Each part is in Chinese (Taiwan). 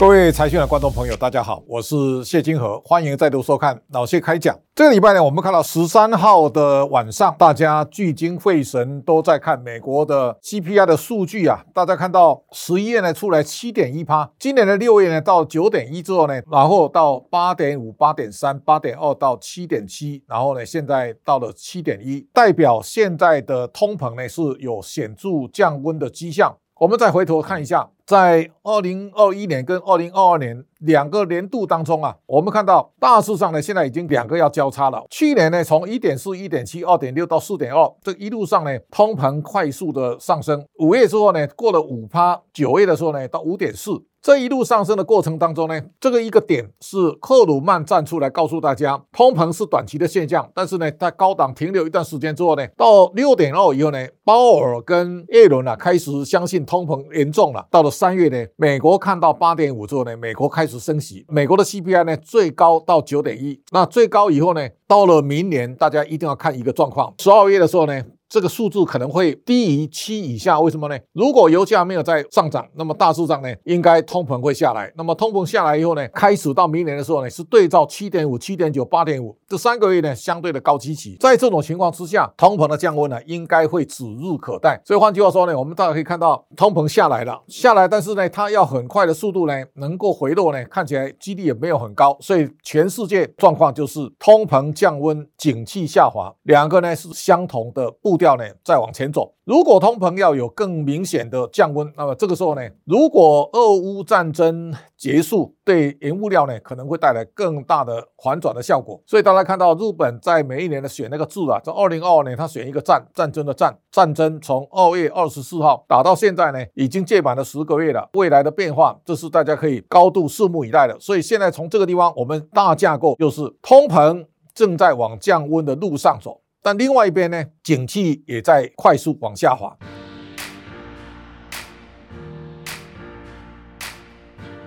各位財訊的觀眾朋友，大家好，我是謝金河，歡迎再度收看老謝開講。這個禮拜呢，我們看到十三號的晚上，大家聚精會神都在看美國的 CPI 的數據啊。大家看到十一月呢出來七點一趴，今年的六月呢到九點一之後呢，然後到八點五、八點三、八點二到七點七，然後呢現在到了七點一，代表現在的通膨呢是有顯著降溫的跡象。我們再回頭看一下。在二零二一年跟二零二二年兩個年度當中啊，我們看到大致上呢，現在已經兩個要交叉了。去年呢，從一點四、一點七、二點六到四點二，這一路上呢，通膨快速的上升。五月之後呢，過了五趴，九月的時候呢，到五點四，這一路上升的過程當中呢，這個一個點是克魯曼站出來告訴大家，通膨是短期的現象，但是呢，在高檔停留一段時間之後呢，到六點二以後呢，鮑爾跟耶倫啊開始相信通膨嚴重了，到了。三月呢，美國看到八點五之後呢，美國開始升息。美國的 CPI 呢，最高到九點一。那最高以後呢，到了明年，大家一定要看一個狀況。十二月的時候呢。這個數字可能會低於七以下，為什麼呢？如果油價沒有再上漲，那麼大致上呢，應該通膨會下來。那麼通膨下來以後呢，開始到明年的時候呢，是對照七點五、七點九、八點五這三個月呢，相對的高基期。在這種情況之下，通膨的降溫呢，應該會指日可待。所以換句話說呢，我們大家可以看到，通膨下來了，下來，但是呢，它要很快的速度呢，能夠回落呢，看起來幾率也沒有很高。所以全世界狀況就是通膨降溫、景氣下滑，兩個呢是相同的步掉呢，再往前走。如果通膨要有更明顯的降溫，那麼這個時候呢，如果俄烏戰爭結束，對原物料呢，可能會帶來更大的反轉的效果。所以大家看到日本在每一年的選那個字啊，在二零二二年他選一個戰，戰爭的戰。戰爭從二月二十四號打到現在呢，已經屆滿了十個月了。未來的變化，這是大家可以高度拭目以待的。所以現在從這個地方，我們大架構就是通膨正在往降溫的路上走。但另外一邊呢，景氣也在快速往下滑。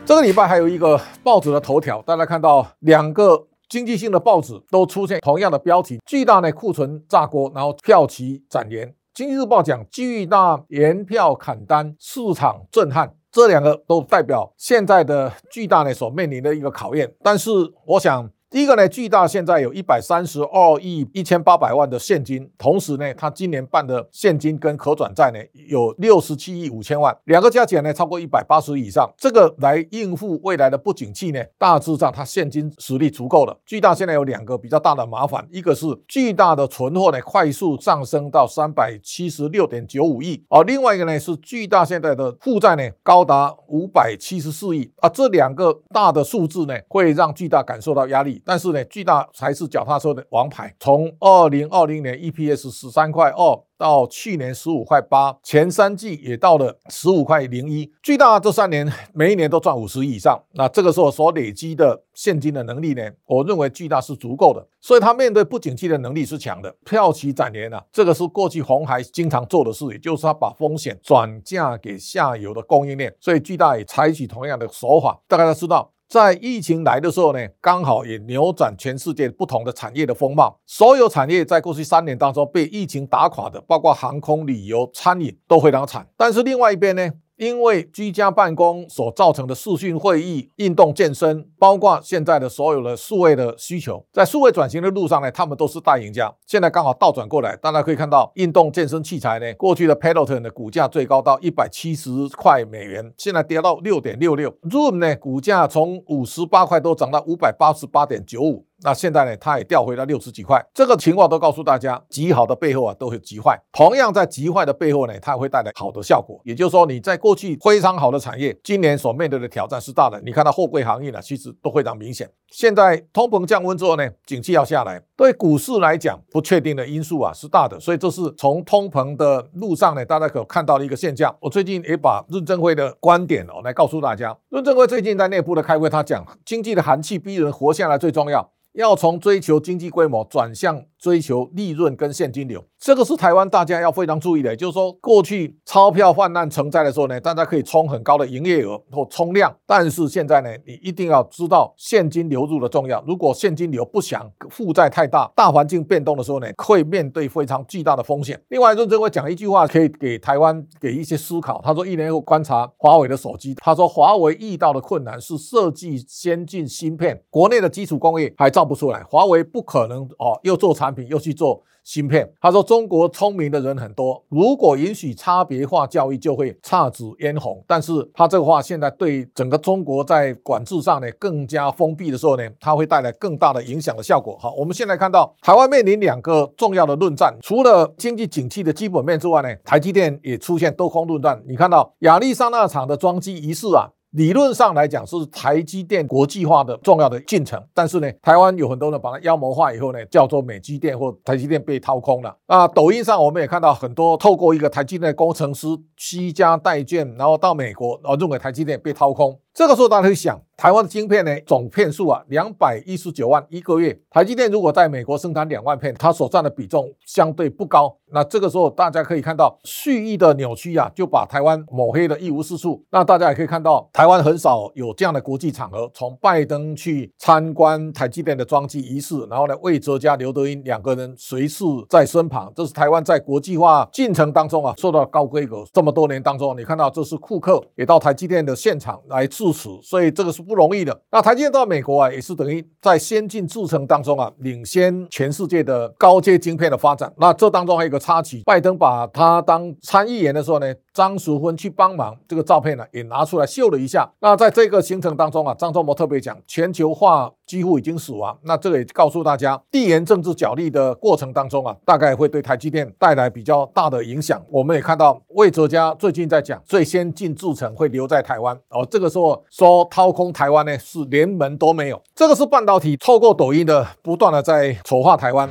這個禮拜還有一個報紙的頭條，大家看到兩個經濟性的報紙都出現同樣的標題：巨大內庫存炸鍋，然後票期展延。《經濟日報》講巨大延票砍單，市場震撼。這兩個都代表現在的巨大內所面臨的一個考驗。但是我想。第一個呢，巨大現在有一百三十二億一千八百萬的現金，同時呢，他今年辦的現金跟可轉債呢有六十七億五千萬，兩個加起來呢超過一百八十億以上，這個來應付未來的不景氣呢，大致上它現金實力足夠了。巨大現在有兩個比較大的麻煩，一個是巨大的存貨呢快速上升到三百七十六點九五億啊，另外一個呢是巨大現在的負債呢高達五百七十四億啊，這兩個大的數字呢會讓巨大感受到壓力。但是呢，巨大才是腳踏車的王牌。從二零二零年 EPS 十三塊二到去年十五塊八，前三季也到了十五塊零一。巨大這三年每一年都賺五十億以上，那這個時候所累積的現金的能力呢？我認為巨大是足夠的，所以它面對不景氣的能力是強的。票期展延啊，這個是過去鴻海經常做的事，也就是它把風險轉嫁給下游的供應鏈。所以巨大也採取同樣的手法。大家都知道。在疫情來的時候呢，剛好也扭轉全世界不同的產業的風貌。所有產業在過去三年當中被疫情打垮的，包括航空、旅遊、餐飲都非常慘。但是另外一邊呢？因為居家辦公所造成的視訊會議、運動健身，包括現在的所有的數位的需求，在數位轉型的路上呢，他們都是大贏家。現在剛好倒轉過來，大家可以看到，運動健身器材呢，過去的 Peloton 的股價最高到一百七十塊美元，現在跌到六點六六。Zoom 呢，股價從五十八塊多漲到五百八十八點九五。那現在呢，它也掉回到六十幾塊，這個情況都告訴大家，極好的背後啊，都會極壞，同樣在極壞的背後呢，它會帶來好的效果。也就是說，你在過去非常好的產業，今年所面對的挑戰是大的。你看到貨櫃行業呢，啊，其實都非常明顯。現在通膨降溫之後呢，景氣要下來，對股市來講，不確定的因素啊是大的。所以這是從通膨的路上呢，大家可看到的一個現象。我最近也把任正非的觀點哦來告訴大家，任正非最近在內部的開會，他講經濟的寒氣逼人，活下來最重要。要從追求經濟規模轉向追求利潤跟現金流，這個是台灣大家要非常注意的。就是說，過去鈔票氾濫成災的時候呢，大家可以衝很高的營業額或衝量；但是現在呢，你一定要知道現金流入的重要。如果現金流不想負債太大，大環境變動的時候呢，會面對非常巨大的風險。另外，任正非講一句話，可以給台灣給一些思考。他說：“一年後觀察華為的手機，他說華為遇到的困難是設計先進芯片，國內的基礎工業還造。”不出來，華為不可能哦，又做產品又去做芯片。他說中國聰明的人很多，如果允許差別化教育，就會姹紫嫣紅。但是他這個話現在對整個中國在管制上呢更加封閉的時候呢，它會帶來更大的影響的效果。好，我們現在看到海外面臨兩個重要的論戰，除了經濟景氣的基本面之外呢，台積電也出現多空論戰。你看到亞利桑那廠的裝機儀式啊？理論上來講是台積電國際化的重要的進程，但是呢，台灣有很多人把它妖魔化以後呢，叫做美積電或台積電被掏空了。啊，抖音上我們也看到很多透過一個台積電的工程師，攜家帶眷，然後到美國，然後認為台積電被掏空。這個時候大家會想，台灣的晶片呢，總片數啊，兩百一十九萬一個月。台積電如果在美國生產兩萬片，它所占的比重相對不高。那這個時候大家可以看到，蓄意的扭曲啊，就把台灣抹黑的一無是處。那大家也可以看到，台灣很少有這樣的國際場合，從拜登去參觀台積電的裝機儀式，然後呢，魏哲家、劉德音兩個人隨侍在身旁。這是台灣在國際化進程當中啊，受到高規格。這麼多年當中，你看到這是庫克也到台積電的現場來。至此，所以這個是不容易的。那台積電到美國啊，也是等於在先進製程當中啊，領先全世界的高階晶片的發展。那這當中還有一個插曲，拜登把他當參議員的時候呢。張淑芬去幫忙，這個照片呢也拿出來秀了一下。那在這個行程當中啊，張忠謀特別講，全球化幾乎已經死亡。那這個也告訴大家，地緣政治角力的過程當中啊，大概會對台積電帶來比較大的影響。我們也看到魏哲家最近在講，最先進製程會留在台灣，哦，這個時候說掏空台灣呢是連門都沒有。這個是半導體透過抖音的不斷的在醜化台灣。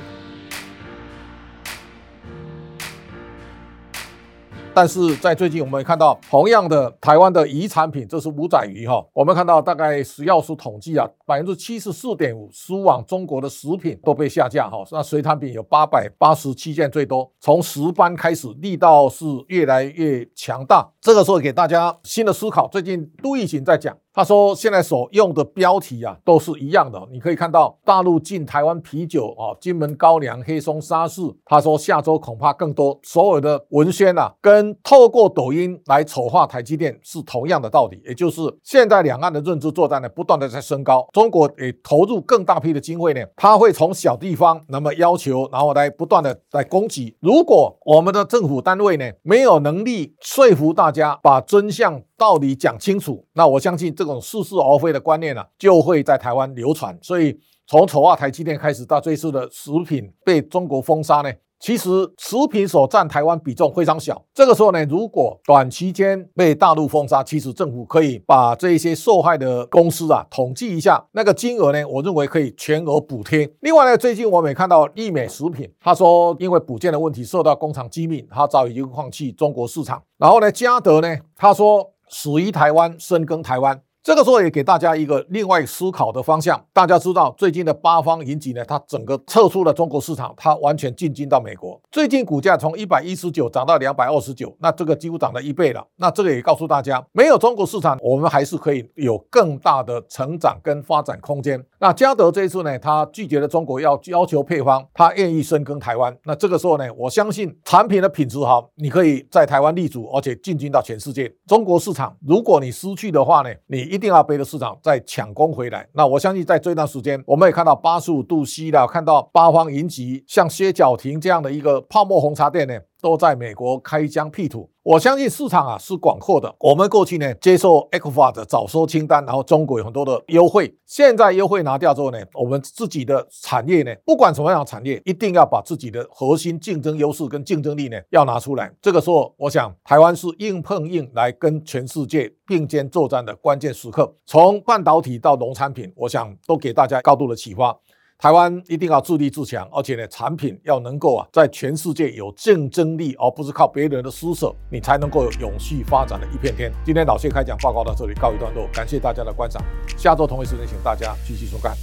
但是在最近，我們看到同樣的台灣的魚產品，這是午仔魚哈、哦。我們看到大概食藥署統計啊，百分之七十四點五，輸往中國的食品都被下架哈、哦。那水產品有八百八十七件最多，從石斑開始力道是越來越強大。這個時候給大家新的思考，最近杜奕瑾在講。他說：“現在所用的標題啊，都是一樣的。你可以看到大陸禁台灣啤酒啊，金門高粱、黑松沙士。”他說：“下周恐怕更多，所有的文宣啊，跟透過抖音來醜化台積電是同樣的道理。也就是現在兩岸的認知作戰呢，不斷的在升高。中國也投入更大批的經費呢，他會從小地方那麼要求，然後來不斷的來攻擊。如果我們的政府單位呢，沒有能力說服大家把真相。”道理講清楚，那我相信這種似是而非的觀念呢、啊，就會在台灣流傳。所以從醜化台積電開始，到最初的食品被中國封殺呢，其實食品所佔台灣比重非常小。這個時候呢，如果短期間被大陸封殺，其實政府可以把這些受害的公司啊統計一下，那個金額呢，我認為可以全額補貼。另外呢，最近我們也看到義美食品，他說因為補件的問題受到工廠機密，他早已經放棄中國市場。然後呢，佳德呢，他說，屬於台灣，深耕台灣。這個時候也給大家一個另外思考的方向。大家知道最近的八方雲集呢，它整個撤出了中國市場，它完全進軍到美國。最近股價從一百一十九漲到兩百二十九，那這個幾乎漲了一倍了。那這個也告訴大家，沒有中國市場，我們還是可以有更大的成長跟發展空間。那佳德這一次呢，它拒絕了中國要要求配方，它願意深耕台灣。那這個時候呢，我相信產品的品質好，你可以在台灣立足，而且進軍到全世界。中國市場如果你失去的話呢，你。一定要背着市場再搶攻回來。那我相信，在這段時間，我們也看到八十五度 C 的，看到八方雲集，像歇腳亭這樣的一個泡沫紅茶店呢。都在美國開疆闢土，我相信市場啊是廣闊的。我們過去呢接受 ECFA 的早收清單，然後中國有很多的優惠。現在優惠拿掉之後呢，我們自己的產業呢，不管什麼樣的產業，一定要把自己的核心競爭優勢跟競爭力呢要拿出來。這個時候，我想台灣是硬碰硬來跟全世界並肩作戰的關鍵時刻。從半導體到農產品，我想都給大家高度的啟發。台灣一定要自立自強，而且呢，產品要能夠啊，在全世界有競爭力，而不是靠別人的施捨，你才能夠有永續發展的一片天。今天老謝開講報告到這裡告一段落，感謝大家的觀賞。下周同一時間，請大家繼續收看。